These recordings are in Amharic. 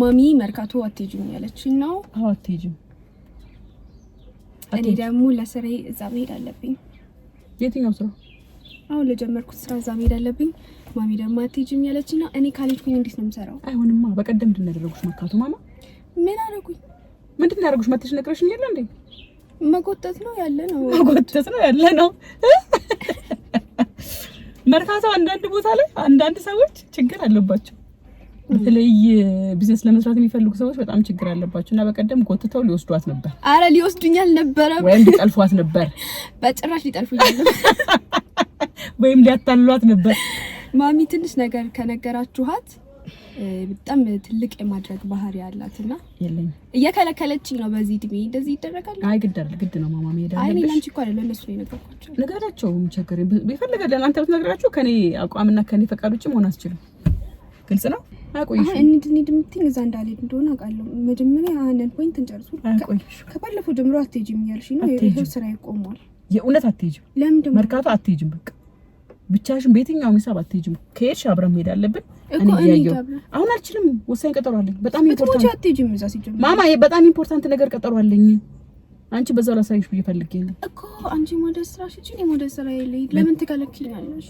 ማሚ መርካቶ አትሄጂም ያለችኝ ነው። አዎ አትሄጂም። እኔ ደግሞ ለስራዬ እዛ መሄድ አለብኝ። የትኛው ስራ? አሁን ለጀመርኩት ስራ እዛ መሄድ አለብኝ። ማሚ ደግሞ አትሄጂም ያለችኝ ነው። እኔ ካልሄድኩኝ እንዴት ነው የምሰራው? አይሆንማ። በቀደም ምንድን ነው ያደረጉሽ መርካቶ? ማማ ምን አደረጉኝ? ምንድን ነው ያደረጉሽ? መተሽ ነግረሽኝ የለ እንዴ? መጎተት ነው ያለ ነው። መጎተት ነው ያለ ነው። መርካቶ አንዳንድ ቦታ ላይ አንዳንድ ሰዎች ችግር አለባቸው። በተለይ ቢዝነስ ለመስራት የሚፈልጉ ሰዎች በጣም ችግር አለባቸው እና በቀደም ጎትተው ሊወስዷት ነበር። አረ ሊወስዱኝ አልነበረም፣ ወይም ሊጠልፏት ነበር። በጭራሽ ሊጠልፉኝ ወይም ሊያታልሏት ነበር። ማሚ ትንሽ ነገር ከነገራችኋት በጣም ትልቅ የማድረግ ባህሪ ያላት እና እየከለከለችኝ ነው። በዚህ እድሜ እንደዚህ ይደረጋል። አይ ግድ አይደል ግድ ነው ማማ መሄድ አለብሽ። አይ ለአንቺ እኮ አይደለም ለእነሱ ነው የነገርኳቸው። ነገራቸው ቸገር ይፈልጋል። ለእናንተ ብትነግራቸው ከኔ አቋምና ከኔ ፈቃድ ውጭ መሆን አስችልም። ግልጽ ነው። እንድንሄድ የምትይኝ እዛ እንዳልሄድ እንደሆነ አውቃለሁ። መጀመሪያ ፖይንት እንጨርሱ። ከባለፈው ጀምሮ አትሄጂም እያልሽ ነው። ይኸው ስራ ይቆሟል። የእውነት አትሄጂም። ለምንድን መርካቶ አትሄጂም። በቃ ብቻሽን ሂሳብ አትሄጂም። ከሄድሽ አብረን መሄድ አለብን። እኔ እያየሁ አሁን አልችልም። ወሳኝ ቀጠሮ አለኝ። በጣም ኢምፖርታንት አትሄጂም። እዛ ሲጀምር ማማ፣ በጣም ኢምፖርታንት ነገር ቀጠሮ አለኝ። አንቺ በዛው ላሳይሽ ብዬ ፈልጌ ነው እኮ። አንቺ ስራሽ እንጂ ለምን ትከለክኛለሽ?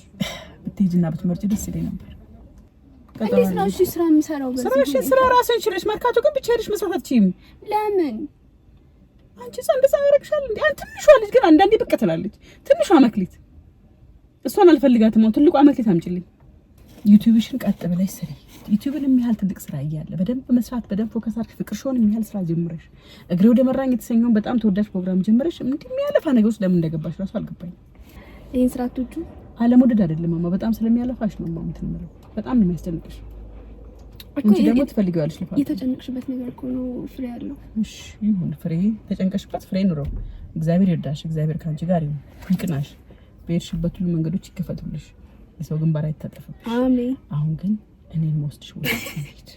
ብትሄጂና ብትመርጪ ደስ ይለኝ ነበር። እንዴት ነው እሺ ስራ የምሰራው? ስራሽ ስራ ራስን ችለሽ መርካቶ ግን ብቻ መስራት አትችይም። ለምን አንቺ ሰው እንደዛ ያደርግሻል እንዴ? አንተ ትንሿ ልጅ ግን አንዳንዴ ብቅ ትላለች። ትንሿ መክሊት እሷን አልፈልጋትም። አሁን ትልቋ መክሊት አምጪልኝ። ዩቲዩብሽን ቀጥ ብለሽ ስሪ። ዩቲዩብን የሚያህል ትልቅ ስራ እያለ በደንብ መስራት በደንብ ፎከስ አድርገሽ ፍቅር ሽሆን የሚያህል ስራ ጀምረሽ እግሬ ወደ መራኝ የተሰኘውን በጣም ተወዳጅ ፕሮግራም ጀምረሽ የሚያለፋ ነገር ውስጥ ለምን እንደገባሽ ራሱ አልገባኝ። ይህን ስራቶቹ አለመውደድ አይደለም ማማ፣ በጣም ስለሚያለፋሽ ነው ማማ የምትንምለው በጣም ነው የሚያስጨንቅሽ እንጂ ደግሞ ትፈልጊዋለሽ። ልፋት የተጨነቅሽበት ነገር እኮ ነው ፍሬ ያለው። እሺ ይሁን ፍሬ ተጨንቀሽበት ፍሬ ኑሮ። እግዚአብሔር ይርዳሽ፣ እግዚአብሔር ከአንቺ ጋር ይሁን፣ ይቅናሽ፣ በሄድሽበት ሁሉ መንገዶች ይከፈቱልሽ፣ የሰው ግንባር አይታጠፍብሽ። አሜን። አሁን ግን እኔ የምወስድሽ ቦታ ሄድ።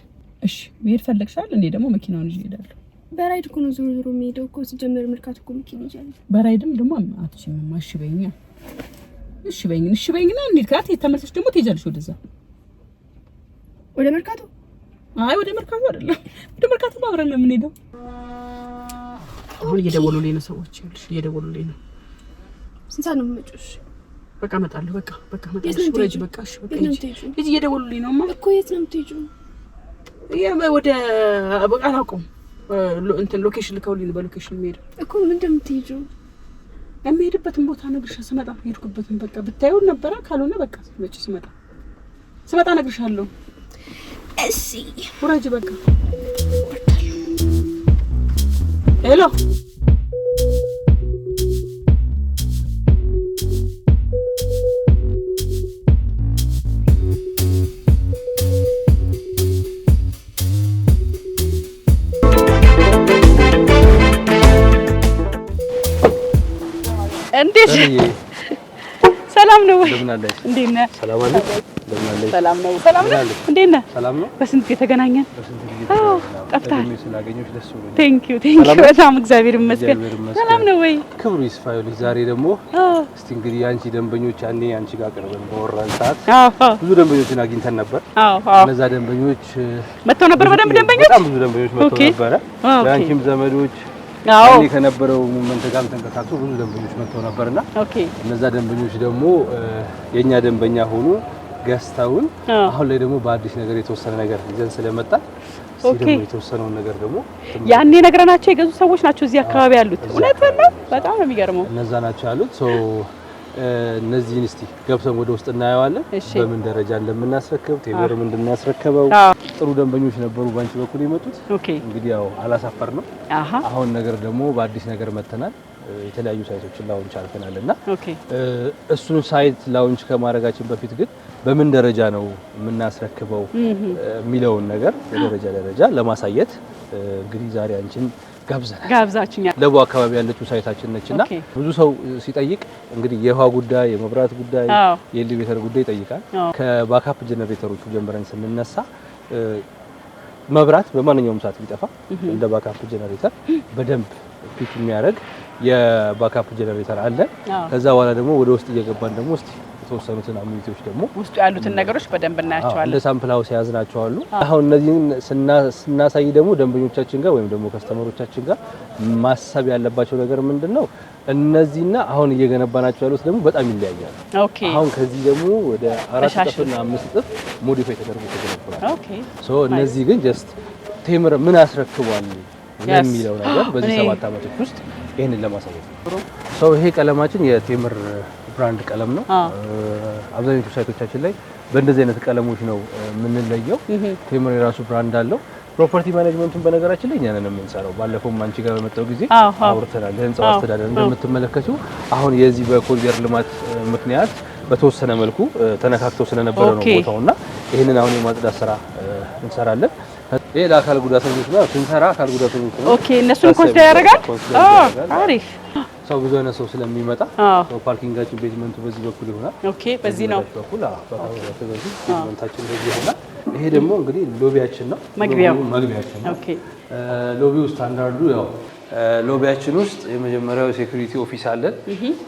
እሺ መሄድ ፈለግሻል? እኔ ደግሞ መኪናውን ይዤ እሄዳለሁ። በራይድ እኮ ነው ዞሮ ዞሮ የሚሄደው እኮ ሲጀመር፣ ምልካት እኮ መኪና ይዣለሁ። በራይድም ደግሞ አትችይም። እሺ በይኝ፣ እሺ በይኝ፣ እሺ በይኝና እንሂድ። ከአት ተመልሰሽ ደግሞ ትሄጃለሽ ወደዛ ወደ መርካቶ? አይ ወደ መርካቶ አይደለም። ወደ መርካቶ አብረን ነው የምንሄደው። አሁን እየደወሉልኝ ነው ሰዎች፣ ይኸውልሽ እየደወሉልኝ ነው። ስንት ሰዓት ነው የምትመጪው? በቃ እመጣለሁ። በቃ በቃ እመጣለሁ። ወረጅ በቃ እሺ፣ በቃ ልጅ እየደወሉልኝ ነውማ እኮ። የት ነው የምትሄጂው? ወደ በቃ አላውቀውም። እንትን ሎኬሽን ልከውልኝ ነው። በሎኬሽን የምሄደው እኮ ምን ነው የምትሄጂው? የምሄድበትን ቦታ እነግርሻለሁ ስመጣ። የሄድኩበትን በቃ ብታዪው ነበረ። ካልሆነ በቃ መቼ ስመጣ ስመጣ እነግርሻለሁ። Let's see. What did you back? Hello. എന്ത് ሰላም ነው ወይ? እንዴት ነህ? ሰላም ነው። ሰላም ነው። እንዴት ነህ? ሰላም ነው። በስንት ጊዜ ተገናኘን። አዎ ጠፍተሃል። ቴንክ ዩ ቴንክ ዩ። በጣም እግዚአብሔር ይመስገን። ሰላም ነው ወይ? ክብሩ ይስፋ። ዛሬ ደግሞ እስቲ እንግዲህ አንቺ ደንበኞች ያኔ አንቺ ጋር ቀርበን በወራን ሰዓት ብዙ ደንበኞችን አግኝተን ነበር። እነዛ ደንበኞች መጥተው ነበር። በደንብ ደንበኞች፣ በጣም ብዙ ደንበኞች መጥተው ነበረ። ዘመዶች እኔ ከነበረው ሙመንት ጋር ተንቀሳቅሶ ብዙ ደንበኞች መጥተው ነበርና እነዛ ደንበኞች ደግሞ የእኛ ደንበኛ ሆኖ ገዝተውን አሁን ላይ ደግሞ በአዲስ ነገር የተወሰነ ነገር ይዘን ስለመጣ የተወሰነውን ነገር ደግሞ ያኔ ነግረናቸው የገዙ ሰዎች ናቸው እዚህ አካባቢ ያሉት። እውነት ነው። በጣም ነው የሚገርመው። እነዛ ናቸው ያሉት። እነዚህን እስቲ ገብተን ወደ ውስጥ እናየዋለን። በምን ደረጃ እንደምናስረክብ ቴምርም እንደምናስረከበው ጥሩ ደንበኞች ነበሩ ባንቺ በኩል የመጡት። እንግዲህ ያው አላሳፈር ነው። አሁን ነገር ደግሞ በአዲስ ነገር መተናል። የተለያዩ ሳይቶችን ላውንች አልፈናል እና እሱን ሳይት ላውንች ከማድረጋችን በፊት ግን በምን ደረጃ ነው የምናስረክበው የሚለውን ነገር ደረጃ ደረጃ ለማሳየት እንግዲህ ዛሬ አንቺን ጋብዘናል ጋብዛችኛል። ለቡ አካባቢ ያለችው ሳይታችን ነች እና ብዙ ሰው ሲጠይቅ እንግዲህ የውሃ ጉዳይ፣ የመብራት ጉዳይ፣ የኤሌቬተር ጉዳይ ይጠይቃል። ከባካፕ ጀነሬተሮቹ ጀምረን ስንነሳ መብራት በማንኛውም ሰዓት ቢጠፋ እንደ ባካፕ ጀነሬተር በደንብ ፒክ የሚያደርግ የባካፕ ጀነሬተር አለ። ከዛ በኋላ ደግሞ ወደ ውስጥ እየገባን ደግሞ እስቲ የተወሰኑትን አሚኒቲዎች ደግሞ ውስጡ ያሉትን ነገሮች በደንብ እናያቸዋለን። እንደ ሳምፕል ሀውስ የያዝናቸው አሉ። አሁን እነዚህን ስናሳይ ደግሞ ደንበኞቻችን ጋር ወይም ደግሞ ከስተመሮቻችን ጋር ማሰብ ያለባቸው ነገር ምንድን ነው? እነዚህና አሁን እየገነባናቸው ያሉት ደግሞ በጣም ይለያያሉ። አሁን ከዚህ ደግሞ ወደ አራት እጥፍና አምስት እጥፍ ሞዲፋይ ተደርጎ ተገነብናል። እነዚህ ግን ጀስት ቴምር ምን አስረክቧል የሚለው ነገር በዚህ ሰባት ዓመቶች ውስጥ ይህንን ለማሳየት ነው። ይሄ ቀለማችን የቴምር ብራንድ ቀለም ነው። አብዛኞቹ ሳይቶቻችን ላይ በእንደዚህ አይነት ቀለሞች ነው የምንለየው። ቴምር የራሱ ብራንድ አለው። ፕሮፐርቲ ማኔጅመንቱን በነገራችን ላይ እኛ ነን የምንሰራው። ባለፈውም አንቺ ጋር በመጣው ጊዜ አውርተናል። ለህንፃ አስተዳደር እንደምትመለከቱ አሁን የዚህ በኮሪደር ልማት ምክንያት በተወሰነ መልኩ ተነካክተው ስለነበረ ነው እና ይህንን አሁን የማጽዳት ስራ እንሰራለን። ይሄ ለአካል ጉዳተኞች ነው ስንሰራ አካል ጉዳተኞች ነው። ኦኬ እነሱን ኮንሲደር ያደርጋል። አሪፍ ቦታው ብዙ አይነት ሰው ስለሚመጣ ፓርኪንጋችን ቤዝመንቱ በዚህ በኩል ይሆናል። ኦኬ፣ በዚህ ነው በኩል ቤዝመንታችን በዚህ ይሆናል። ይሄ ደግሞ እንግዲህ ሎቢያችን ነው፣ መግቢያው መግቢያችን ነው። ኦኬ፣ ሎቢው ስታንዳርዱ ያው ሎቢያችን ውስጥ የመጀመሪያው ሴኩሪቲ ኦፊስ አለን፣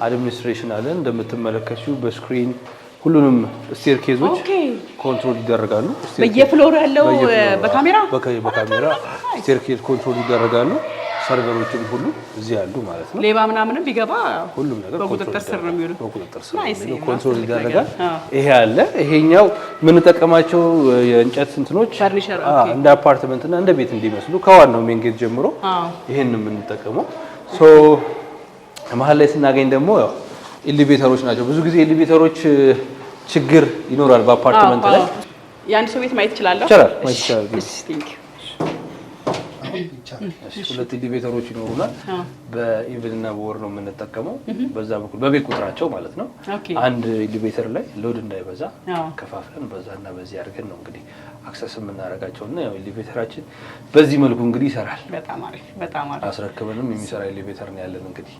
አድሚኒስትሬሽን አለን። እንደምትመለከቱ በስክሪን ሁሉንም ስቴር ኬዞች ኮንትሮል ይደረጋሉ። በየፍሎሩ ያለው በካሜራ በካሜራ ስቴር ኬዝ ኮንትሮል ይደረጋሉ። ሰርቨሮችም ሁሉ እዚህ ያሉ ማለት ነው። ሌባ ምናምንም ቢገባ ሁሉም ነገር በቁጥጥር ስር ነው የሚውለው። በቁጥጥር ስር ነው፣ ኮንትሮል ይደረጋል። ይሄ አለ። ይሄኛው የምንጠቀማቸው የእንጨት እንትኖች እንደ አፓርትመንት እና እንደ ቤት እንዲመስሉ ከዋናው ሜን ጌት ጀምሮ ይሄን ነው የምንጠቀመው። ሶ መሀል ላይ ስናገኝ ደግሞ ያው ኤሊቬተሮች ናቸው። ብዙ ጊዜ ኤሊቬተሮች ችግር ይኖራል በአፓርትመንት ላይ። የአንድ ሰው ቤት ማየት ይችላለሁ። ሁለት ኢንዲቤተሮች ይኖሩናል። በኢቭን እና በወር ነው የምንጠቀመው። በዛ በኩል በቤት ቁጥራቸው ማለት ነው። አንድ ኢንዲቤተር ላይ ሎድ እንዳይበዛ ከፋፍለን በዛ እና በዚህ አድርገን ነው እንግዲህ አክሰስ የምናደርጋቸው እና ያው ኢንዲቤተራችን በዚህ መልኩ እንግዲህ ይሰራል። በጣም አሪፍ በጣም አሪፍ አስረክበንም የሚሰራ ኢንዲቤተር ነው ያለን እንግዲህ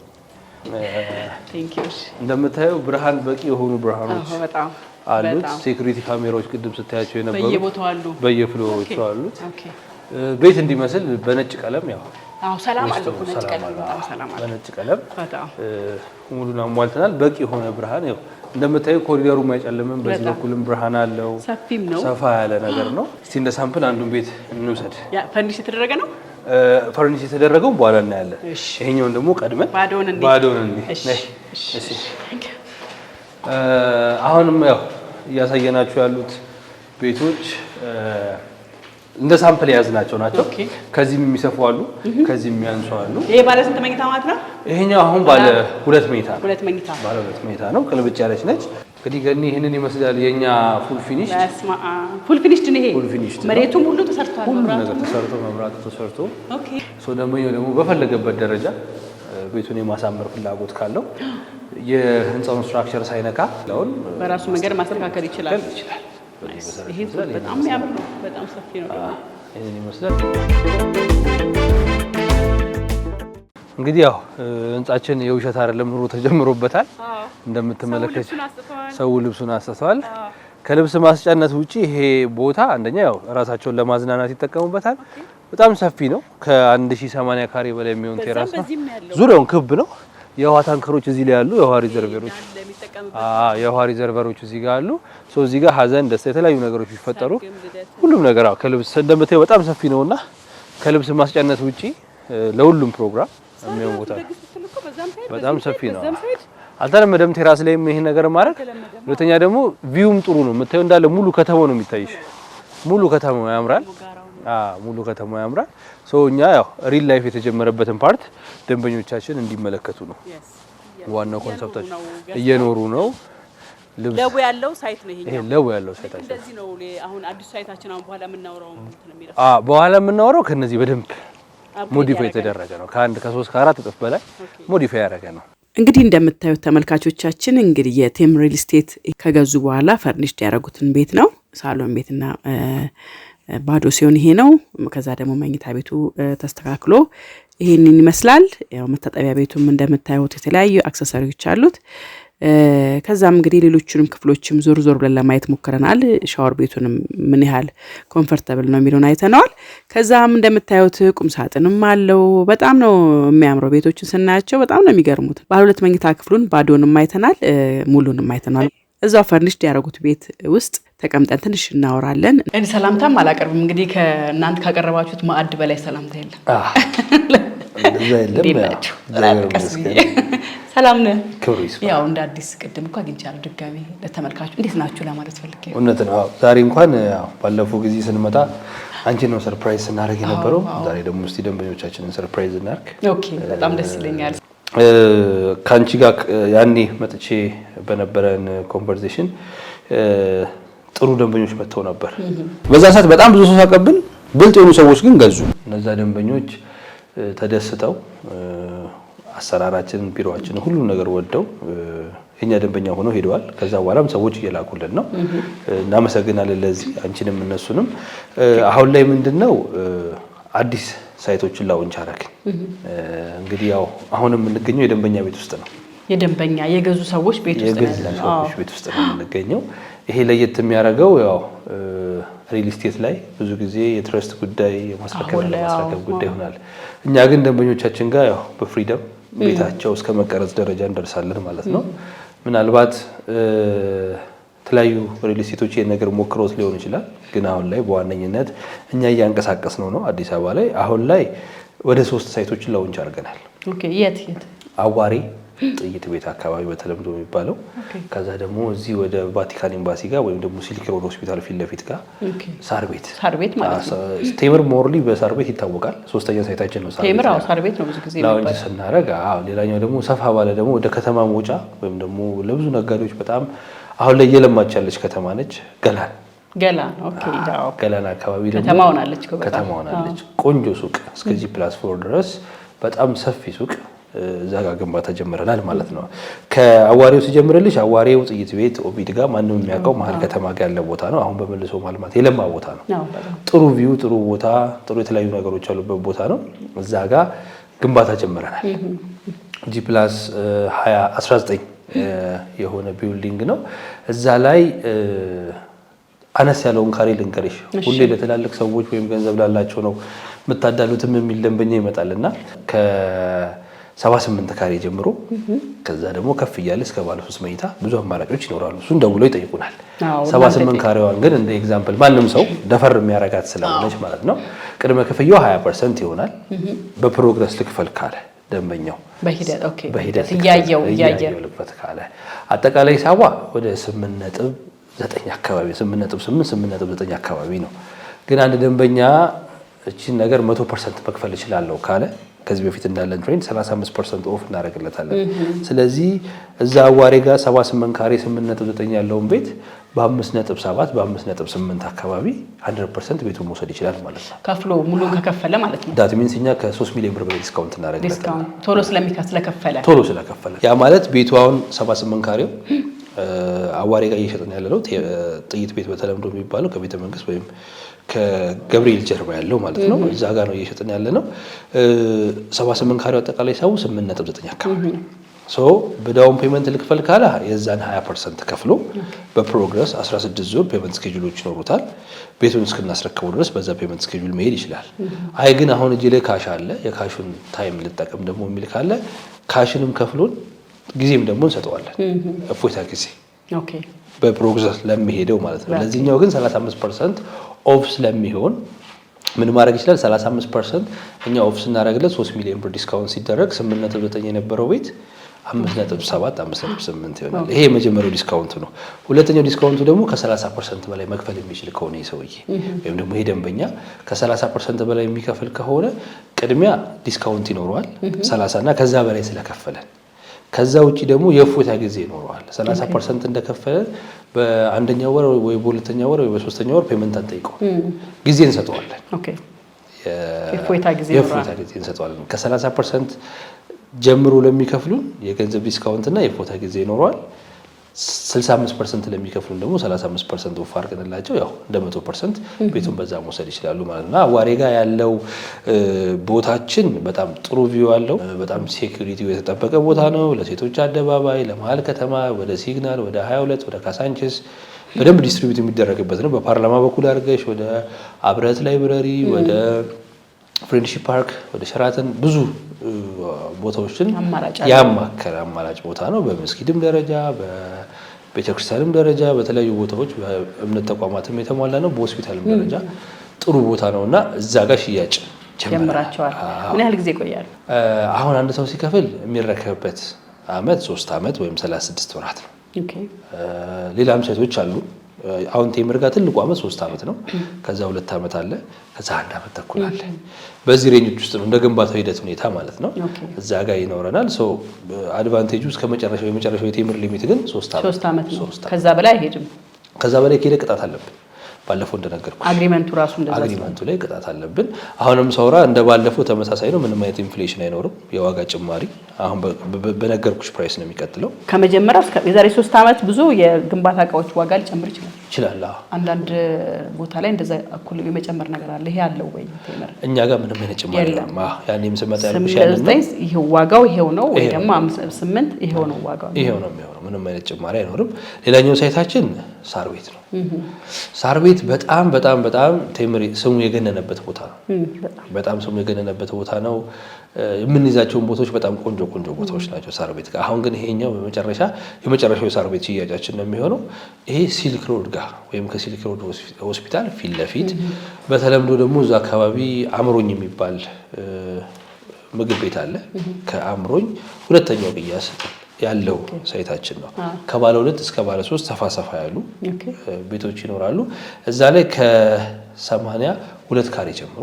እንደምታየው ብርሃን በቂ የሆኑ ብርሃኖች አሉት። ሴኩሪቲ ካሜራዎች ቅድም ስታያቸው የነበሩ በየቦታው አሉት። ቤት እንዲመስል በነጭ ቀለም ያው አዎ ሰላም አለ። በነጭ ቀለም በነጭ ቀለም ሙሉን አሟልተናል። በቂ የሆነ ብርሃን ያው እንደምታዩ ኮሪደሩ አይጨልምም። በዚህ በኩልም ብርሃን አለው። ሰፊም ነው፣ ሰፋ ያለ ነገር ነው። እስቲ እንደ ሳምፕል አንዱን ቤት እንውሰድ። ያ ፈርኒሽ የተደረገ ነው። ፈርኒሽ የተደረገው በኋላ እናያለን። ይሄኛውን ደግሞ ቀድመን ባዶን እንዴ ባዶን እንዴ እሺ። አሁንም ያው እያሳየናችሁ ያሉት ቤቶች እንደ ሳምፕል የያዝናቸው ናቸው። ከዚህም የሚሰፉ አሉ፣ ከዚህም የሚያንሱ አሉ። ይሄ ባለ ስንት መኝታ ማለት ነው? ይሄኛው አሁን ባለ ሁለት መኝታ ነው። ሁለት መኝታ ባለ ሁለት መኝታ ነው። ቅልብጭ ያለች ነች። እንግዲህ ገኒ ይህንን ይመስላል የኛ ፉል ፊኒሽ ፉል ፊኒሽ ነው ይሄ ፉል ፊኒሽ መሬቱም ሁሉ ተሰርቷል። ሁሉ ነገር ተሰርቶ መብራቱ ተሰርቶ ኦኬ። ሶ ደንበኛው ደግሞ በፈለገበት ደረጃ ቤቱን የማሳመር ፍላጎት ካለው የህንፃውን ስትራክቸር ሳይነካ ለውን በራሱ መንገድ ማስተካከል ይችላል ይችላል። ይሄ እንግዲህ ያው ህንጻችን የውሸት አይደለም፣ ኑሮ ተጀምሮበታል። እንደምትመለከት ሰው ልብሱን አስተዋል። ከልብስ ማስጫነት ውጪ ይሄ ቦታ አንደኛ ያው ራሳቸውን ለማዝናናት ይጠቀሙበታል። በጣም ሰፊ ነው። ከ1080 ካሬ በላይ የሚሆን ቴራስ ነው። ዙሪያውን ክብ ነው። የውሃ ታንከሮች እዚህ ላይ አሉ። የውሃ ሪዘርቨሮች አዎ፣ የውሃ ሪዘርቨሮች እዚህ ጋር አሉ። ሶ እዚህ ጋር ሀዘን፣ ደስታ፣ የተለያዩ ነገሮች ቢፈጠሩ ሁሉም ነገር አዎ፣ ከልብስ እንደምታየው በጣም ሰፊ ነውና ከልብስ ማስጫነት ውጪ ለሁሉም ፕሮግራም የሚሆን ቦታ በጣም ሰፊ ነው። አልተለመደም ቴራስ ላይም ይሄን ነገር ማድረግ። ሁለተኛ ደግሞ ቪውም ጥሩ ነው። የምታየው እንዳለ ሙሉ ከተማው ነው የሚታይሽ። ሙሉ ከተማው ያምራል። አዎ፣ ሙሉ ከተማው ያምራል። ሶ እኛ ያው ሪል ላይፍ የተጀመረበትን ፓርት ደንበኞቻችን እንዲመለከቱ ነው ዋናው ኮንሰፕታችን። እየኖሩ ነው ለቡ ያለው ሳይት ነው። ይሄ ለቡ ያለው ሳይታችን እንደዚህ ነው። አሁን አዲሱ ሳይታችን አሁን በኋላ የምናወራው አዎ፣ በኋላ የምናወራው ከነዚህ በደንብ ሞዲፋይ የተደረገ ነው። ከአንድ ከሶስት ከአራት እጥፍ በላይ ሞዲፋይ ያደረገ ነው። እንግዲህ እንደምታዩት ተመልካቾቻችን እንግዲህ የቴም ሪል ስቴት ከገዙ በኋላ ፈርኒሽድ ያደረጉትን ቤት ነው። ሳሎን ቤትና ባዶ ሲሆን ይሄ ነው። ከዛ ደግሞ መኝታ ቤቱ ተስተካክሎ ይሄንን ይመስላል። ያው መታጠቢያ ቤቱም እንደምታዩት የተለያዩ አክሰሰሪዎች አሉት። ከዛም እንግዲህ ሌሎቹንም ክፍሎችም ዞር ዞር ብለን ለማየት ሞክረናል። ሻወር ቤቱንም ምን ያህል ኮምፈርተብል ነው የሚለውን አይተነዋል። ከዛም እንደምታዩት ቁም ሳጥንም አለው። በጣም ነው የሚያምረው። ቤቶቹን ስናያቸው በጣም ነው የሚገርሙት። ባለ ሁለት መኝታ ክፍሉን ባዶንም አይተናል፣ ሙሉንም አይተናል። እዛው ፈርኒሽድ ያደረጉት ቤት ውስጥ ተቀምጠን ትንሽ እናወራለን። ሰላምታም አላቀርብም እንግዲህ ከእናንተ ካቀረባችሁት ማዕድ በላይ ሰላምታ የለም። ሰላም ነህ? ያው እንደ አዲስ ቅድም እኮ አግኝቻለሁ ድጋሚ ለተመልካቹ እንዴት ናችሁ ለማለት ፈልጌ እውነት ነው። ዛሬ እንኳን ባለፈው ጊዜ ስንመጣ አንቺን ነው ሰርፕራይዝ ስናደርግ የነበረው። ዛሬ ደግሞ እስኪ ደንበኞቻችንን ሰርፕራይዝ እናድርግ። ኦኬ፣ በጣም ደስ ይለኛል። ከአንቺ ጋር ያኔ መጥቼ በነበረን ኮንቨርሴሽን ጥሩ ደንበኞች መጥተው ነበር። በዛ ሰዓት በጣም ብዙ ሰው ሳቀብን፣ ብልጥ የሆኑ ሰዎች ግን ገዙ። እነዛ ደንበኞች ተደስተው አሰራራችንን ቢሮአችንን ሁሉም ነገር ወደው የኛ ደንበኛ ሆነው ሄደዋል። ከዛ በኋላም ሰዎች እየላኩልን ነው። እናመሰግናለን ለዚህ አንቺንም እነሱንም። አሁን ላይ ምንድን ነው አዲስ ሳይቶችን ላውንች አደረግን። እንግዲህ ያው አሁንም የምንገኘው የደንበኛ ቤት ውስጥ ነው። የደንበኛ የገዙ ሰዎች ቤት ውስጥ ነው የምንገኘው ይሄ ለየት የሚያደርገው ያው ሪል ስቴት ላይ ብዙ ጊዜ የትረስት ጉዳይ የማስረከብ ጉዳይ ይሆናል። እኛ ግን ደንበኞቻችን ጋር ያው በፍሪደም ቤታቸው እስከ መቀረጽ ደረጃ እንደርሳለን ማለት ነው። ምናልባት የተለያዩ ሪል ስቴቶች ይህን ነገር ሞክሮት ሊሆን ይችላል። ግን አሁን ላይ በዋነኝነት እኛ እያንቀሳቀስ ነው ነው አዲስ አበባ ላይ አሁን ላይ ወደ ሶስት ሳይቶችን ለውንች አድርገናል። አዋሬ ጥይት ቤት አካባቢ በተለምዶ የሚባለው ከዛ ደግሞ እዚህ ወደ ቫቲካን ኤምባሲ ጋር ወይም ደግሞ ሲልክ ሮድ ሆስፒታል ፊት ለፊት ጋር ሳር ቤት ቴምር ሞርሊ በሳር ቤት ይታወቃል። ሶስተኛ ሳይታችን ነው ቴምር። ቤት ነው ብዙ ጊዜ ስናደርግ። ሌላኛው ደግሞ ሰፋ ባለ ደግሞ ወደ ከተማ መውጫ ወይም ደግሞ ለብዙ ነጋዴዎች በጣም አሁን ላይ እየለማች ያለች ከተማ ነች ገላን ገላን ገላን አካባቢ ከተማ ሆናለች። ቆንጆ ሱቅ እስከዚህ ፕላስ ፎር ድረስ በጣም ሰፊ ሱቅ እዛ ጋር ግንባታ ጀምረናል ማለት ነው። ከአዋሬው ሲጀምርልሽ አዋሬው ጽይት ቤት ኦቢድ ጋር ማንም የሚያውቀው መሀል ከተማ ጋር ያለ ቦታ ነው። አሁን በመልሶ ማልማት የለማ ቦታ ነው። ጥሩ ቪው፣ ጥሩ ቦታ፣ ጥሩ የተለያዩ ነገሮች ያሉበት ቦታ ነው። እዛ ጋር ግንባታ ጀምረናል። ጂ ፕላስ 19 የሆነ ቢውልዲንግ ነው። እዛ ላይ አነስ ያለውን ካሬ ልንገርሽ። ሁሌ ለትላልቅ ሰዎች ወይም ገንዘብ ላላቸው ነው የምታዳሉትም የሚል ደንበኛ ይመጣልና ሰባስምንት ካሬ ጀምሮ ከዛ ደግሞ ከፍ እያለ እስከ ባለ ሶስት መኝታ ብዙ አማራጮች ይኖራሉ። እሱን ደውለው ይጠይቁናል። ሰባስምንት ካሬዋን ግን እንደ ኤግዛምፕል ማንም ሰው ደፈር የሚያረጋት ስለሆነች ማለት ነው ቅድመ ክፍያው 20 ፐርሰንት ይሆናል። በፕሮግረስ ልክፈል ካለ ደንበኛው በሂደት እያየው ልክፈት ካለ አጠቃላይ ሳዋ ወደ 8.9 አካባቢ 8.8 አካባቢ ነው። ግን አንድ ደንበኛ እቺን ነገር መቶ ፐርሰንት መክፈል እችላለሁ ካለ ከዚህ በፊት እንዳለን ትሬንድ 35 ፐርሰንት ኦፍ እናደርግለታለን። ስለዚህ እዛ አዋሬ ጋር 78 ካሬ 8.9 ያለውን ቤት በ5.7 በ5.8 አካባቢ 100 ፐርሰንት ቤቱን መውሰድ ይችላል ማለት ነው። ከፍሎ ሙሉ ከከፈለ ማለት ነው። ዳት ሚንስ እኛ ከ3 ሚሊዮን ብር በላይ ዲስካውንት እናደርግለታለን ቶሎ ስለከፈለ ያ ማለት ቤቱ አሁን 78 ካሬው አዋሬ ጋር እየሸጥን ያለነው ጥይት ቤት በተለምዶ የሚባለው ከቤተ መንግስት ወይም ከገብርኤል ጀርባ ያለው ማለት ነው። እዛ ጋር ነው እየሸጥን ያለ ነው። 78 ካሬው አጠቃላይ ሰው 89 ነጥብ አካባቢ ነው። በዳውን ፔመንት ልክፈል ካለ የዛን 20 ፐርሰንት ከፍሎ በፕሮግረስ 16 ዙር ፔመንት ስኬጁሎች ይኖሩታል። ቤቱን እስክናስረክበው ድረስ በዛ ፔመንት ስኬጁል መሄድ ይችላል። አይ ግን አሁን እጅ ላይ ካሽ አለ የካሹን ታይም ልጠቀም ደግሞ የሚል ካለ ካሽንም ከፍሎን ጊዜም ደግሞ እንሰጠዋለን እፎይታ ጊዜ በፕሮግረስ ለሚሄደው ማለት ነው። ለዚህኛው ግን 35 ፐርሰንት ኦፍ ስለሚሆን ምን ማድረግ ይችላል? 35 ፐርሰንት እኛ ኦፍ ስናደረግለት 3 ሚሊዮን ብር ዲስካውንት ሲደረግ 8.9 የነበረው ቤት 5.7 ይሆናል። ይሄ የመጀመሪያው ዲስካውንት ነው። ሁለተኛው ዲስካውንቱ ደግሞ ከ30 ፐርሰንት በላይ መክፈል የሚችል ከሆነ ሰውዬ ወይም ደግሞ ይሄ ደንበኛ ከ30 ፐርሰንት በላይ የሚከፍል ከሆነ ቅድሚያ ዲስካውንት ይኖረዋል 30 እና ከዛ በላይ ስለከፈለን ከዛ ውጭ ደግሞ የእፎይታ ጊዜ ይኖረዋል። 30 ፐርሰንት እንደከፈለ በአንደኛ ወር ወይ በሁለተኛ ወር ወይ በሶስተኛ ወር ፔመንት አንጠይቀው፣ ጊዜ እንሰጠዋለን። የፎይታ ጊዜ እንሰጠዋለን። ከ30 ፐርሰንት ጀምሮ ለሚከፍሉን የገንዘብ ዲስካውንት እና የፎታ ጊዜ ይኖረዋል። 65 ፐርሰንት ለሚከፍሉን ደግሞ 35 ፐርሰንት ወፍ አድርገንላቸው ያው እንደ 100 ፐርሰንት ቤቱን በዛ መውሰድ ይችላሉ ማለት ነው። አዋሬ ጋ ያለው ቦታችን በጣም ጥሩ ቪው አለው። በጣም ሴኩሪቲው የተጠበቀ ቦታ ነው። ለሴቶች አደባባይ፣ ለመሀል ከተማ፣ ወደ ሲግናል፣ ወደ 22 ወደ ካሳንችስ በደንብ ዲስትሪቢዩት የሚደረግበት ነው። በፓርላማ በኩል አድርገሽ ወደ አብረት ላይብረሪ፣ ወደ ፍሬንድሺፕ ፓርክ፣ ወደ ሸራተን ብዙ ቦታዎችን ያማከለ አማራጭ ቦታ ነው። በመስጊድም ደረጃ በቤተክርስቲያንም ደረጃ በተለያዩ ቦታዎች በእምነት ተቋማትም የተሟላ ነው። በሆስፒታልም ደረጃ ጥሩ ቦታ ነው እና እዛ ጋር ሽያጭ ጀምራቸዋል። ምን ያህል ጊዜ ይቆያል? አሁን አንድ ሰው ሲከፍል የሚረከብበት አመት ሶስት አመት ወይም ሰላሳ ስድስት ወራት ነው። ሌላም ሴቶች አሉ አሁን ቴምር ጋር ትልቁ ዓመት ሶስት ዓመት ነው። ከዛ ሁለት ዓመት አለ። ከዛ አንድ ዓመት ተኩል አለ። በዚህ ሬንጅ ውስጥ ነው እንደ ግንባታው ሂደት ሁኔታ ማለት ነው። እዛ ጋር ይኖረናል። ሶ አድቫንቴጅ ውስጥ ከመጨረሻው የመጨረሻው የቴምር ሊሚት ግን ሶስት ዓመት ከዛ በላይ ሄድም ከዛ በላይ ከሄደ ቅጣት አለብን። ባለፈው እንደነገርኩ አግሪመንቱ ራሱ አግሪመንቱ ላይ ቅጣት አለብን። አሁንም ሰውራ እንደ ባለፈው ተመሳሳይ ነው። ምንም አይነት ኢንፍሌሽን አይኖርም። የዋጋ ጭማሪ አሁን በነገርኩሽ ፕራይስ ነው የሚቀጥለው። ከመጀመሪያ የዛሬ ሶስት ዓመት ብዙ የግንባታ እቃዎች ዋጋ ሊጨምር ይችላል። ይችላል። አንዳንድ ቦታ ላይ እንደዛ እኩል የመጨመር ነገር አለ። ይሄ አለው ወይ እኛ ጋር ምንም አይነት ጭማሪ የለም። ያኔም ስመጣ ይሄ ዋጋው ይሄው ነው ወይ ደግሞ ስምንት ይሄው ነው ዋጋው ይሄው ነው የሚሆነው። ምንም አይነት ጭማሪ አይኖርም። ሌላኛው ሳይታችን ሳር ቤት ነው። ሳር ቤት በጣም በጣም በጣም ቴምር ስሙ የገነነበት ቦታ ነው። በጣም ስሙ የገነነበት ቦታ ነው። የምንይዛቸውን ቦታዎች በጣም ቆንጆ ቆንጆ ቦታዎች ናቸው ሳር ቤት ጋር። አሁን ግን ይሄኛው በመጨረሻ የመጨረሻው የሳር ቤት ሽያጫችን ነው የሚሆነው። ይሄ ሲልክ ሮድ ጋር ወይም ከሲልክ ሮድ ሆስፒታል ፊት ለፊት በተለምዶ ደግሞ እዛ አካባቢ አምሮኝ የሚባል ምግብ ቤት አለ። ከአምሮኝ ሁለተኛው ቅያስ ያለው ሳይታችን ነው። ከባለ ሁለት እስከ ባለ ሶስት ሰፋ ሰፋ ያሉ ቤቶች ይኖራሉ እዛ ላይ ከሰማንያ ሁለት ካሬ ጀምሮ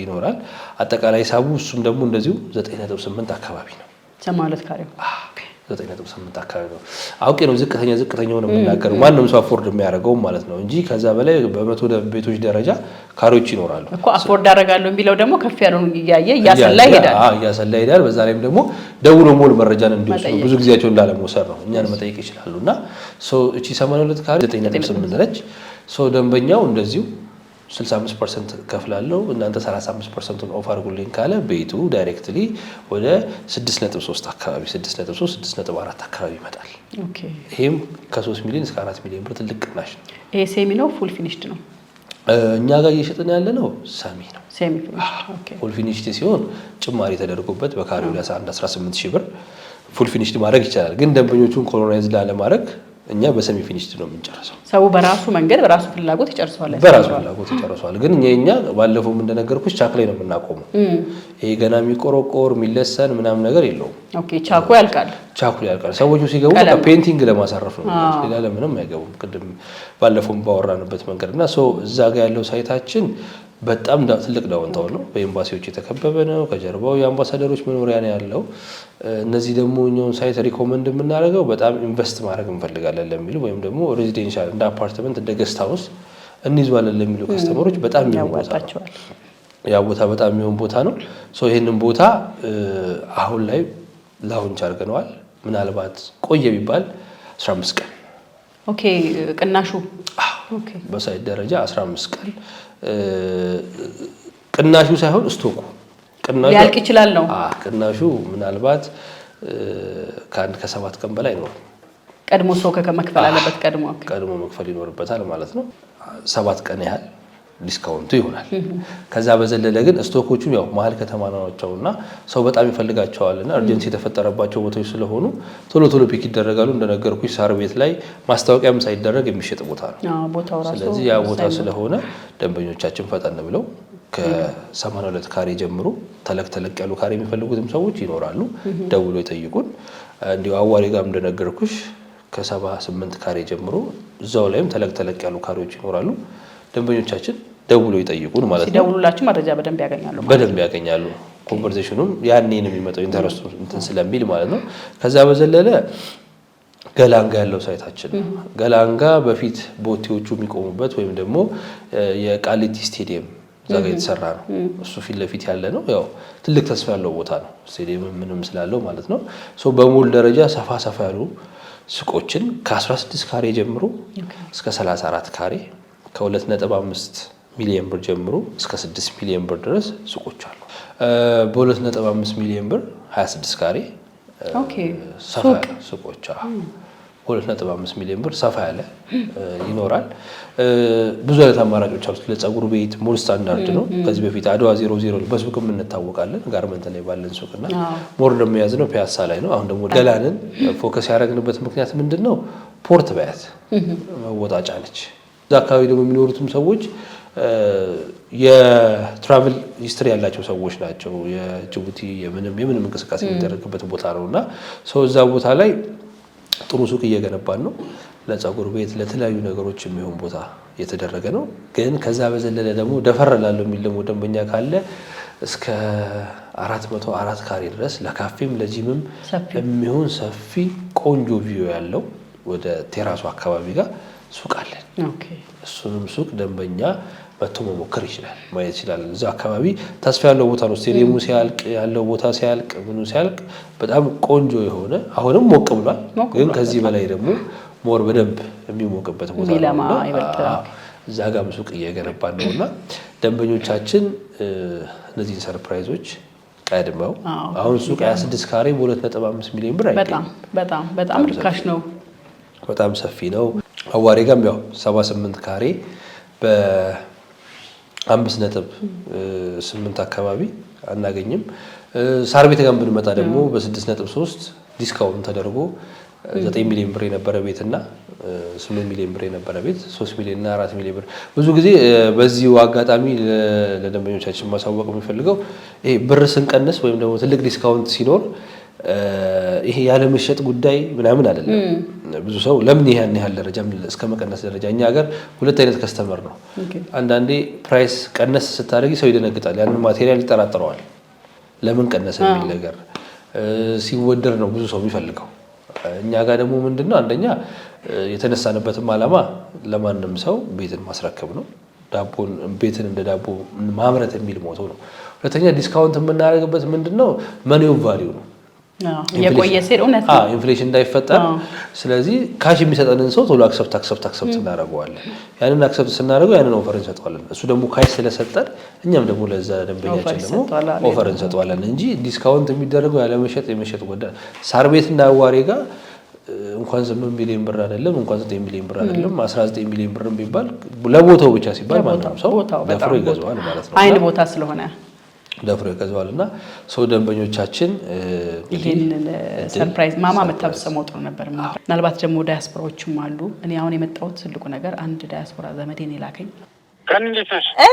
ይኖራል። አጠቃላይ ሂሳቡ እሱም ደግሞ እንደዚሁ 9.8 አካባቢ ነው። 9.8 አካባቢ ነው። አውቄ ነው ዝቅተኛ ዝቅተኛው ነው የምናገር ማንም ሰው አፎርድ የሚያደርገው ማለት ነው እንጂ ከዛ በላይ በመቶ ቤቶች ደረጃ ካሬዎች ይኖራሉ እኮ። አፎርድ አደርጋለሁ የሚለው ደግሞ ከፍ ያለውን እያየ እያሰላ ይሄዳል፣ እያሰላ ይሄዳል። በዛ ላይም ደግሞ ደውሎ ሞል መረጃን እንዲወስዱ ብዙ ጊዜያቸውን ላለመውሰድ ነው እኛን መጠየቅ ይችላሉ። እና እቺ 82 ካሬ 9.8 ነች። ደንበኛው እንደዚሁ 65 ፐርሰንት ከፍላለሁ እናንተ 35 ፐርሰንቱን ኦፍ አድርጉልኝ ካለ ቤቱ ዳይሬክትሊ ወደ 6.3 አካባቢ 6.4 አካባቢ ይመጣል። ይህም ከ3 ሚሊዮን እስከ 4 ሚሊዮን ብር ትልቅ ቅናሽ ነው። ይሄ ሴሚ ነው ፉል ፊኒሽድ ነው። እኛ ጋር እየሸጥን ያለ ነው ሰሚ ነው። ፉል ፊኒሽድ ሲሆን ጭማሪ ተደርጎበት በካሬው ላይ 11 18 ሺህ ብር ፉል ፊኒሽድ ማድረግ ይቻላል። ግን ደንበኞቹን ኮሎናይዝ ላለማድረግ እኛ በሰሚ ፊኒሽድ ነው የምንጨርሰው። ሰው በራሱ መንገድ በራሱ ፍላጎት ይጨርሰዋል፣ በራሱ ፍላጎት ይጨርሰዋል። ግን እኛ ባለፈው እንደነገርኩሽ ቻክ ላይ ነው የምናቆመው። ይሄ ገና የሚቆረቆር የሚለሰን ምናምን ነገር የለውም። ኦኬ ቻኩ ያልቃል፣ ቻኩ ያልቃል። ሰዎቹ ሲገቡ ፔንቲንግ ለማሳረፍ ነው፣ ሌላ ለምንም አይገቡም። ቅድም ባለፈው ባወራንበት መንገድ እና እዛ ጋር ያለው ሳይታችን በጣም ትልቅ ዳውንታው ነው። በኤምባሲዎች የተከበበ ነው። ከጀርባው የአምባሳደሮች መኖሪያ ነው ያለው። እነዚህ ደግሞ እኛውን ሳይት ሪኮመንድ የምናደርገው በጣም ኢንቨስት ማድረግ እንፈልጋለን ለሚሉ ወይም ደግሞ ሬዚዴንሻል እንደ አፓርትመንት እንደ ገስት ሃውስ እንይዟለን ለሚሉ ከስተመሮች በጣም ያ ቦታ በጣም የሚሆን ቦታ ነው። ይህንን ቦታ አሁን ላይ ላውንች አድርገነዋል። ምናልባት ቆየ ቢባል 15 ቀን ቅናሹ በሳይት ደረጃ 15 ቀን ቅናሹ ሳይሆን ስቶኩ ቅናሹ ሊያልቅ ይችላል ነው። ቅናሹ ምናልባት ከአንድ ከሰባት ቀን በላይ ነው። ቀድሞ ሰው ከመክፈል አለበት። ቀድሞ ቀድሞ መክፈል ይኖርበታል ማለት ነው። ሰባት ቀን ያህል ዲስካውንቱ ይሆናል። ከዛ በዘለለ ግን ስቶኮቹም ያው መሀል ከተማ ናቸው እና ሰው በጣም ይፈልጋቸዋል እና እርጀንሲ የተፈጠረባቸው ቦታዎች ስለሆኑ ቶሎ ቶሎ ፒክ ይደረጋሉ። እንደነገርኩሽ ሳር ቤት ላይ ማስታወቂያም ሳይደረግ የሚሸጥ ቦታ ነው። ስለዚህ ያ ቦታ ስለሆነ ደንበኞቻችን ፈጠን ብለው ከ ሁለት ካሬ ጀምሮ ተለቅ ተለቅ ያሉ ካሬ የሚፈልጉትም ሰዎች ይኖራሉ። ደውሎ ይጠይቁን። እንዲሁ አዋሪ ጋር እንደነገርኩሽ ከሰባ ስምንት ካሬ ጀምሮ እዛው ላይም ተለቅ ተለቅ ያሉ ካሬዎች ይኖራሉ ደንበኞቻችን ደውሎ ይጠይቁን ማለት ነው። ሲደውሉላችሁ መረጃ በደንብ ያገኛሉ በደንብ ያገኛሉ። ኮንቨርሴሽኑም ያኔ ነው የሚመጣው ኢንተረስቱ እንትን ስለሚል ማለት ነው። ከዛ በዘለለ ገላንጋ ያለው ሳይታችን ገላንጋ በፊት ቦቴዎቹ የሚቆሙበት ወይም ደግሞ የቃሊቲ ስቴዲየም እዛ ጋ የተሰራ ነው። እሱ ፊት ለፊት ያለ ነው። ያው ትልቅ ተስፋ ያለው ቦታ ነው። ስቴዲየም ምንም ስላለው ማለት ነው። በሞል ደረጃ ሰፋ ሰፋ ያሉ ሱቆችን ከ16 ካሬ ጀምሮ እስከ 34 ካሬ ከ2.5 ሚሊዮን ብር ጀምሮ እስከ 6 ሚሊዮን ብር ድረስ ሱቆች አሉ። በ2.5 ሚሊዮን ብር 26 ካሬ ሱቆች በ2.5 ሚሊዮን ብር ሰፋ ያለ ይኖራል። ብዙ አይነት አማራጮች አሉት። ለፀጉር ቤት ሞል ስታንዳርድ ነው። ከዚህ በፊት አድዋ ዜሮ ዜሮ በሱቅም እንታወቃለን። ጋርመንት ላይ ባለን ሱቅና ሞር ደግሞ የያዝነው ፒያሳ ላይ ነው። አሁን ደግሞ ገላንን ፎከስ ያደረግንበት ምክንያት ምንድን ነው? ፖርት በያት መወጣጫ ነች። እዛ አካባቢ ደግሞ የሚኖሩትም ሰዎች የትራቭል ሂስትሪ ያላቸው ሰዎች ናቸው። የጅቡቲ የምንም የምንም እንቅስቃሴ የሚደረግበት ቦታ ነው እና ሰው እዛ ቦታ ላይ ጥሩ ሱቅ እየገነባን ነው። ለጸጉር ቤት፣ ለተለያዩ ነገሮች የሚሆን ቦታ እየተደረገ ነው። ግን ከዛ በዘለለ ደግሞ ደፈር ላለው የሚል ደግሞ ደንበኛ ካለ እስከ አራት መቶ አራት ካሬ ድረስ ለካፌም ለጂምም የሚሆን ሰፊ ቆንጆ ቪዮ ያለው ወደ ቴራሱ አካባቢ ጋር ሱቅ አለን። እሱንም ሱቅ ደንበኛ መቶ መሞከር ይችላል፣ ማየት ይችላል። እዛ አካባቢ ተስፋ ያለው ቦታ ነው። ስቴዲየሙ ሲያልቅ ያለው ቦታ ሲያልቅ ምኑ ሲያልቅ በጣም ቆንጆ የሆነ አሁንም ሞቅ ብሏል፣ ግን ከዚህ በላይ ደግሞ ሞር በደንብ የሚሞቅበት ቦታ እዛ ጋም ሱቅ እየገነባን ነው እና ደንበኞቻችን እነዚህን ሰርፕራይዞች ቀድመው አሁን ሱቅ 26 ካሬ በ2.5 ሚሊዮን ብር በጣም በጣም ርካሽ ነው። በጣም ሰፊ ነው። አዋሪ ጋም ያው 78 ካሬ በአምስት ነጥብ ስምንት አካባቢ አናገኝም። ሳር ቤት ጋም ብንመጣ ደግሞ በስድስት ነጥብ ሶስት ዲስካውንት ተደርጎ ዘጠኝ ሚሊዮን ብር የነበረ ቤት እና ስምንት ሚሊዮን ብር የነበረ ቤት ሶስት ሚሊዮን እና አራት ሚሊዮን ብር። ብዙ ጊዜ በዚሁ አጋጣሚ ለደንበኞቻችን ማሳወቅ የሚፈልገው ይሄ ብር ስንቀንስ ወይም ደግሞ ትልቅ ዲስካውንት ሲኖር ይሄ ያለመሸጥ ጉዳይ ምናምን አይደለም። ብዙ ሰው ለምን ያን ያህል ደረጃ እስከ መቀነስ ደረጃ እኛ ሀገር ሁለት አይነት ከስተመር ነው። አንዳንዴ ፕራይስ ቀነስ ስታደርጊ ሰው ይደነግጣል። ያንን ማቴሪያል ይጠራጥረዋል። ለምን ቀነሰ የሚል ነገር ሲወደድ ነው ብዙ ሰው የሚፈልገው። እኛ ጋር ደግሞ ምንድነው? አንደኛ የተነሳንበትም ዓላማ ለማንም ሰው ቤትን ማስረከብ ነው። ዳቦን ቤትን እንደ ዳቦ ማምረት የሚል ሞቶ ነው። ሁለተኛ ዲስካውንት የምናደርግበት ምንድነው መኒው ቫሊዩ ነው የቆየ እውነት ነው፣ ኢንፍሌሽን እንዳይፈጠር። ስለዚህ ካሽ የሚሰጠንን ሰው ቶሎ አክሰፕት አክሰፕት አክሰፕት እናደርገዋለን። ያንን አክሰፕት ስናደርገው ያንን ኦፈር እንሰጠዋለን። እሱ ደግሞ ካሽ ስለሰጠን እኛም ደግሞ ለዛ ደንበኛችን ደግሞ ኦፈር እንሰጠዋለን እንጂ ዲስካውንት የሚደረገው ያለመሸጥ የመሸጥ ጉዳይ ሳር ቤት አዋሬ ጋር እንኳን ስምንት ሚሊዮን ብር አይደለም እንኳን ዘጠኝ ሚሊዮን ብር አይደለም አስራ ዘጠኝ ሚሊዮን ብር ቢባል ለቦታው ብቻ ሲባል ማንም ሰው ደፍሮ ይገዛዋል ማለት ነው። አይን ቦታ ስለሆነ ደፍሮ ይገዛዋል እና ሰው ደንበኞቻችን ይህን ሰርፕራይዝ ማማ የምታብሰመው ጥሩ ነበር። ምናልባት ደግሞ ዳያስፖራዎችም አሉ። እኔ አሁን የመጣሁት ትልቁ ነገር አንድ ዳያስፖራ ዘመዴን የላከኝ።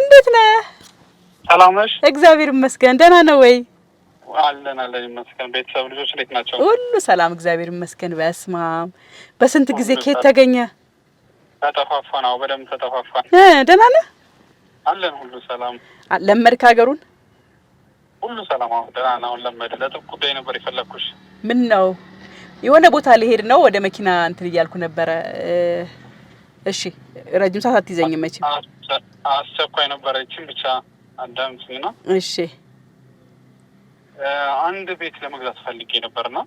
እንዴት ነ? ሰላም እግዚአብሔር ይመስገን። ደህና ነው ወይ? አለን አለን ይመስገን። ቤተሰብ ልጆች እንዴት ናቸው? ሁሉ ሰላም እግዚአብሔር ይመስገን። በስማም በስንት ጊዜ ከየት ተገኘ? ተጠፋፋ ነው። በደንብ ተጠፋፋ። ደህና አለን ሁሉ ሰላም። ለመድክ ሀገሩን ሁሉ ሰላም፣ አሁን ደህና ነው። አሁን ለመድ ለጥብቅ ጉዳይ ነበር የፈለግኩሽ። ምን ነው የሆነ ቦታ ሊሄድ ነው፣ ወደ መኪና እንትን እያልኩ ነበረ። እሺ፣ ረጅም ሰዓት አትይዘኝ መቼም። አስቸኳይ ነበረችን ብቻ አዳምጪኝ ነው። እሺ፣ አንድ ቤት ለመግዛት ፈልጌ ነበር ነው።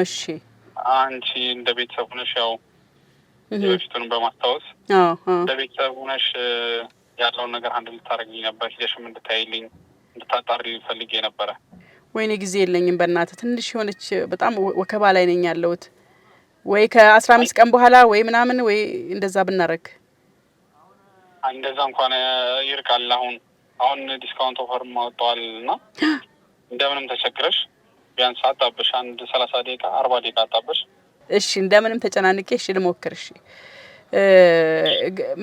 እሺ፣ አንቺ እንደ ቤተሰብ ሆነሽ ያው የበፊቱን በማስታወስ እንደ ቤተሰብ ሆነሽ ያለውን ነገር አንድ ልታደርግልኝ ነበር ሂደሽም እንድታይልኝ እንድታጣሪ ፈልጌ ነበረ። ወይኔ ጊዜ የለኝም። በእናተ ትንሽ የሆነች በጣም ወከባ ላይ ነኝ ያለሁት። ወይ ከአስራ አምስት ቀን በኋላ ወይ ምናምን ወይ እንደዛ ብናረግ እንደዛ እንኳን ይርቃል። አሁን አሁን ዲስካውንት ኦፈር ማወጣዋል እና እንደምንም ተቸግረሽ ቢያንስ አጣብሽ አንድ ሰላሳ ደቂቃ አርባ ደቂቃ አጣብሽ። እሺ እንደምንም ተጨናንቄ እሺ ልሞክር። እሺ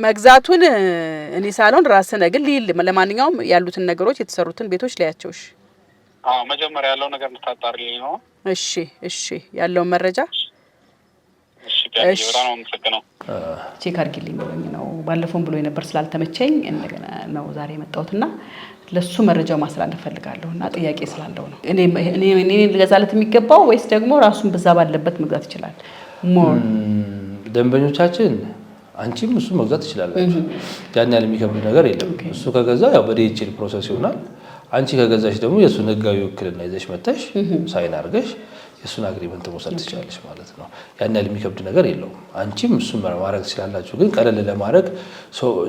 መግዛቱን እኔ ሳልሆን ራስ ግን ሊል ለማንኛውም ያሉትን ነገሮች የተሰሩትን ቤቶች ሊያቸውሽ። አዎ መጀመሪያ ያለው ነገር እንድታጣሪልኝ ነው። እሺ እሺ፣ ያለውን መረጃ ቼክ አድርጊልኝ ብሎኝ ነው። ባለፈውን ብሎ የነበር ስላልተመቸኝ እንደገና ነው ዛሬ የመጣሁትና ለሱ መረጃው ማስተላለፍ ፈልጋለሁ እና ጥያቄ ስላለው ነው። እኔ ልገዛለት የሚገባው ወይስ ደግሞ ራሱን በዛ ባለበት መግዛት ይችላል? ሞር ደንበኞቻችን አንቺም እሱ መግዛት ትችላላችሁ። ያን ያህል የሚከብድ ነገር የለም። እሱ ከገዛ ያው በዲኤችኤል ፕሮሰስ ይሆናል። አንቺ ከገዛሽ ደግሞ የእሱን ህጋዊ ውክልና ይዘሽ መተሽ ሳይን አድርገሽ የእሱን አግሪመንት መውሰድ ትችላለች ማለት ነው። ያን ያህል የሚከብድ ነገር የለውም። አንቺም እሱም ማድረግ ትችላላችሁ። ግን ቀለል ለማድረግ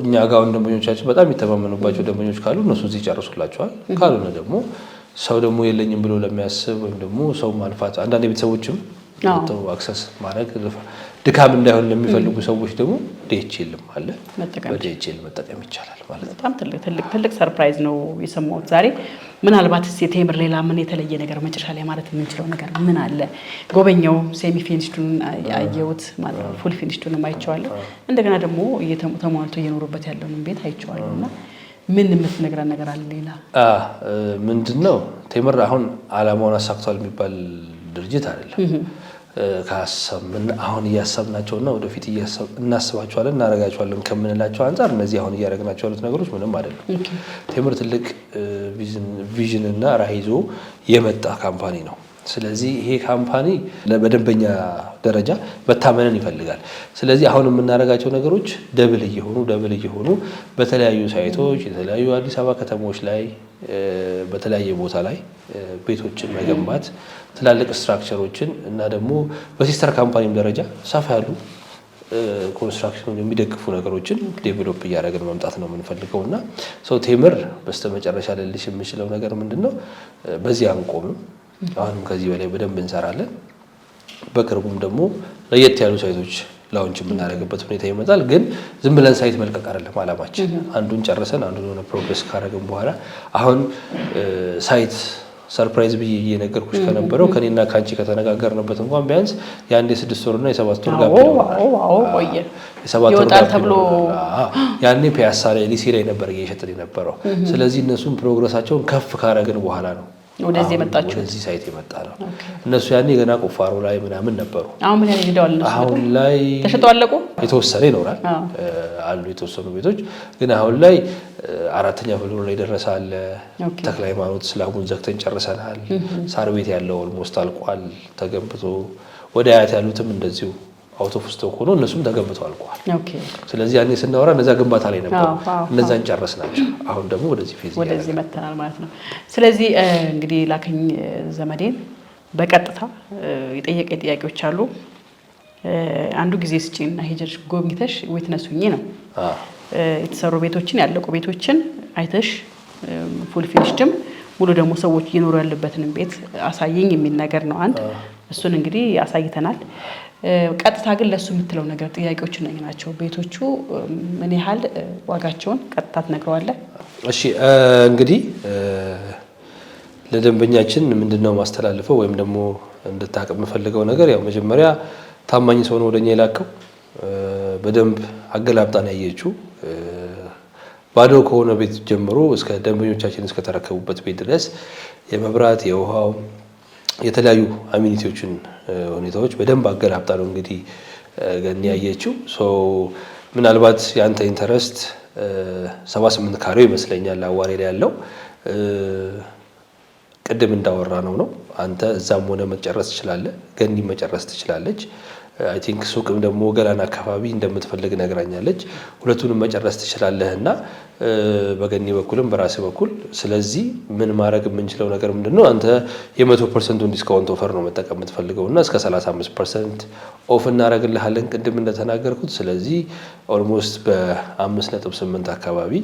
እኛ ጋውን ደንበኞቻችን በጣም የሚተማመኑባቸው ደንበኞች ካሉ እነሱ እዚህ ይጨርሱላቸዋል። ካልሆነ ደግሞ ሰው ደግሞ የለኝም ብሎ ለሚያስብ ወይም ደግሞ ሰው ማልፋት አንዳንድ ቤተሰቦችም አክሰስ ማድረግ ድካም እንዳይሆን ለሚፈልጉ ሰዎች ደግሞ ዲኤችኤልም አለ። በዲኤችኤል መጠቀም ይቻላል ማለት ነው። በጣም ትልቅ ሰርፕራይዝ ነው የሰማሁት ዛሬ። ምናልባት ቴምር ሌላ ምን የተለየ ነገር መጨረሻ ላይ ማለት የምንችለው ነገር ምን አለ? ጎበኛው ሴሚ ፊኒሽቱን አየሁት፣ ፉል ፊኒሽቱን አይቼዋለሁ። እንደገና ደግሞ ተሟልቶ እየኖሩበት ያለውን ቤት አይቼዋለሁ እና ምን የምትነግረን ነገር አለ ሌላ ምንድን ነው? ቴምር አሁን አላማውን አሳክቷል የሚባል ድርጅት አይደለም። ካሰብን አሁን እያሰብናቸውና ወደፊት እናስባቸዋለን እናደርጋቸዋለን ከምንላቸው አንጻር እነዚህ አሁን እያደረግናቸው ያሉት ነገሮች ምንም አይደለም። ቴምር ትልቅ ቪዥንና ራዕይ ይዞ የመጣ ካምፓኒ ነው። ስለዚህ ይሄ ካምፓኒ በደንበኛ ደረጃ መታመንን ይፈልጋል። ስለዚህ አሁን የምናደርጋቸው ነገሮች ደብል እየሆኑ ደብል እየሆኑ በተለያዩ ሳይቶች የተለያዩ አዲስ አበባ ከተሞች ላይ በተለያየ ቦታ ላይ ቤቶችን መገንባት ትላልቅ ስትራክቸሮችን እና ደግሞ በሲስተር ካምፓኒም ደረጃ ሰፋ ያሉ ኮንስትራክሽን የሚደግፉ ነገሮችን ዴቨሎፕ እያደረግን መምጣት ነው የምንፈልገው እና ሰው ቴምር በስተመጨረሻ ልልሽ የምችለው ነገር ምንድን ነው፣ በዚህ አንቆምም። አሁንም ከዚህ በላይ በደንብ እንሰራለን። በቅርቡም ደግሞ ለየት ያሉ ሳይቶች ላውንች የምናደርግበት ሁኔታ ይመጣል። ግን ዝም ብለን ሳይት መልቀቅ አይደለም አላማችን። አንዱን ጨርሰን አንዱን ሆነ ፕሮግረስ ካደረግን በኋላ አሁን ሳይት ሰርፕራይዝ ብዬ እየነገርኩሽ ከነበረው ከኔና ከአንቺ ከተነጋገርንበት እንኳን ቢያንስ የአንድ የስድስት ወርና የሰባት ወር ጋፕ ይወጣል ተብሎ ያኔ ፒያሳ ላይ ላይ ነበር እየሸጥን የነበረው። ስለዚህ እነሱም ፕሮግረሳቸውን ከፍ ካረግን በኋላ ነው ወደዚህ የመጣችሁ ወደዚህ ሳይት የመጣ ነው። እነሱ ያኔ ገና ቁፋሮ ላይ ምናምን ነበሩ። አሁን ላይ ሄደዋል። አሁን ላይ አለቁ። የተወሰነ ይኖራል አሉ የተወሰኑ ቤቶች ግን አሁን ላይ አራተኛ ፍሎር ላይ ደረሳለ። አለ። ተክለ ሃይማኖት ስላቡን ዘግተን ጨርሰናል። ሳር ቤት ያለው ኦልሞስት አልቋል ተገንብቶ ወደ አያት ያሉትም እንደዚሁ አውቶ ፍስቶ ሆኖ እነሱም ተገንብተው አልቀዋል። ስለዚህ ያኔ ስናወራ እነዛ ግንባታ ላይ ነበሩ፣ እነዛን ጨረስ ናቸው። አሁን ደግሞ ወደዚህ ፌዝ ወደዚህ መተናል ማለት ነው። ስለዚህ እንግዲህ ላከኝ ዘመዴን በቀጥታ የጠየቀ ጥያቄዎች አሉ። አንዱ ጊዜ ስጪና ሄጀርሽ ጎብኝተሽ ዊትነሱኝ ነው የተሰሩ ቤቶችን ያለቁ ቤቶችን አይተሽ ፉል ፊኒሽድም ሙሉ ደግሞ ሰዎች እየኖሩ ያለበትንም ቤት አሳየኝ የሚል ነገር ነው። አንድ እሱን እንግዲህ አሳይተናል። ቀጥታ ግን ለሱ የምትለው ነገር ጥያቄዎች ነኝ ናቸው። ቤቶቹ ምን ያህል ዋጋቸውን ቀጥታ ትነግረዋለህ? እሺ እንግዲህ ለደንበኛችን ምንድን ነው ማስተላልፈው ወይም ደግሞ እንድታቅ የምፈልገው ነገር ያው መጀመሪያ ታማኝ ሰው ነው ወደኛ የላከው በደንብ አገላብጣን ያየችው ባዶ ከሆነ ቤት ጀምሮ እስከ ደንበኞቻችን እስከተረከቡበት ቤት ድረስ የመብራት የውሃው የተለያዩ አሚኒቲዎችን ሁኔታዎች በደንብ አገላብጣ ነው እንግዲህ ገን ያየችው። ምናልባት የአንተ ኢንተረስት 78 ካሬው ይመስለኛል አዋሬ ላይ ያለው ቅድም እንዳወራ ነው ነው አንተ እዛም ሆነ መጨረስ ትችላለህ፣ ገኒ መጨረስ ትችላለች። አይ ቲንክ ሱቅም ደግሞ ገላን አካባቢ እንደምትፈልግ ነግራኛለች። ሁለቱንም መጨረስ ትችላለህ እና በገኒ በኩልም በራሴ በኩል ስለዚህ ምን ማድረግ የምንችለው ነገር ምንድን ነው? አንተ የመቶ ፐርሰንቱን ዲስካውንት ኦፈር ነው መጠቀም የምትፈልገው እና እስከ 35 ፐርሰንት ኦፍ እናደርግልሃለን ቅድም እንደተናገርኩት። ስለዚህ ኦልሞስት በ5.8 አካባቢ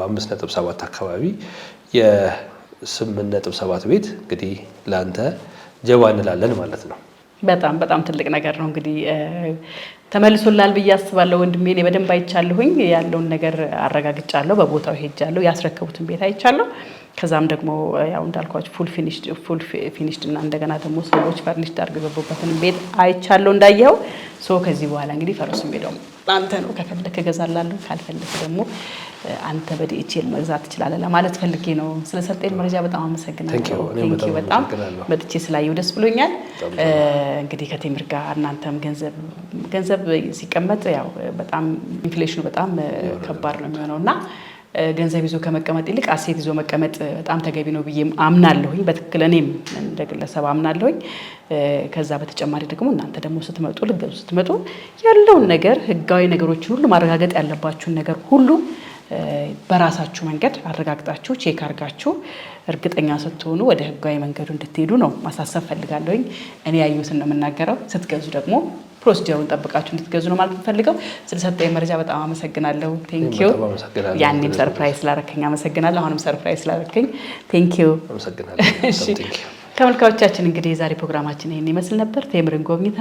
በ5.7 አካባቢ የ8.7 ቤት እንግዲህ ለአንተ ጀባ እንላለን ማለት ነው። በጣም በጣም ትልቅ ነገር ነው። እንግዲህ ተመልሶላል ብዬ አስባለሁ። ወንድሜ እኔ በደንብ አይቻለሁኝ። ያለውን ነገር አረጋግጫለሁ። በቦታው ሄጃለሁ። ያስረከቡትን ቤት አይቻለሁ። ከዛም ደግሞ ያው እንዳልኳችሁ ፉል ፊኒሽድ እና እንደገና ደግሞ ሰዎች ፈርኒሽ አድርገው የገቡበትን ቤት አይቻለሁ እንዳየኸው። ሶ ከዚህ በኋላ እንግዲህ ፈረሱ የሚሄደው አንተ ነው። ከፈለክ እገዛላለሁ፣ ካልፈለክ ደግሞ አንተ በዲኤችኤል መግዛት ትችላለህ ለማለት ፈልጌ ነው። ስለሰጠኝ መረጃ በጣም አመሰግናለሁ። በጣም መጥቼ ስላየው ደስ ብሎኛል። እንግዲህ ከቴምር ጋር እናንተም ገንዘብ ሲቀመጥ ያው በጣም ኢንፍሌሽኑ በጣም ከባድ ነው የሚሆነው እና ገንዘብ ይዞ ከመቀመጥ ይልቅ አሴት ይዞ መቀመጥ በጣም ተገቢ ነው ብዬ አምናለሁኝ። በትክክል እኔም እንደ ግለሰብ አምናለሁኝ። ከዛ በተጨማሪ ደግሞ እናንተ ደግሞ ስትመጡ ልገዙ ስትመጡ ያለውን ነገር ህጋዊ ነገሮችን ሁሉ ማረጋገጥ ያለባችሁን ነገር ሁሉ በራሳችሁ መንገድ አረጋግጣችሁ ቼክ አድርጋችሁ እርግጠኛ ስትሆኑ ወደ ህጋዊ መንገዱ እንድትሄዱ ነው ማሳሰብ ፈልጋለሁኝ። እኔ ያዩት ነው የምናገረው። ስትገዙ ደግሞ ፕሮሲጀሩን ጠብቃችሁ እንድትገዙ ነው ማለት የምፈልገው። ስለሰጠኝ መረጃ በጣም አመሰግናለሁ። ቴንኪዩ። ያኔም ሰርፕራይዝ ስላረከኝ አመሰግናለሁ። አሁንም ሰርፕራይዝ ስላረከኝ ቴንኪዩ። ተመልካዮቻችን እንግዲህ የዛሬ ፕሮግራማችን ይህን ይመስል ነበር። ቴምርን ጎብኝተ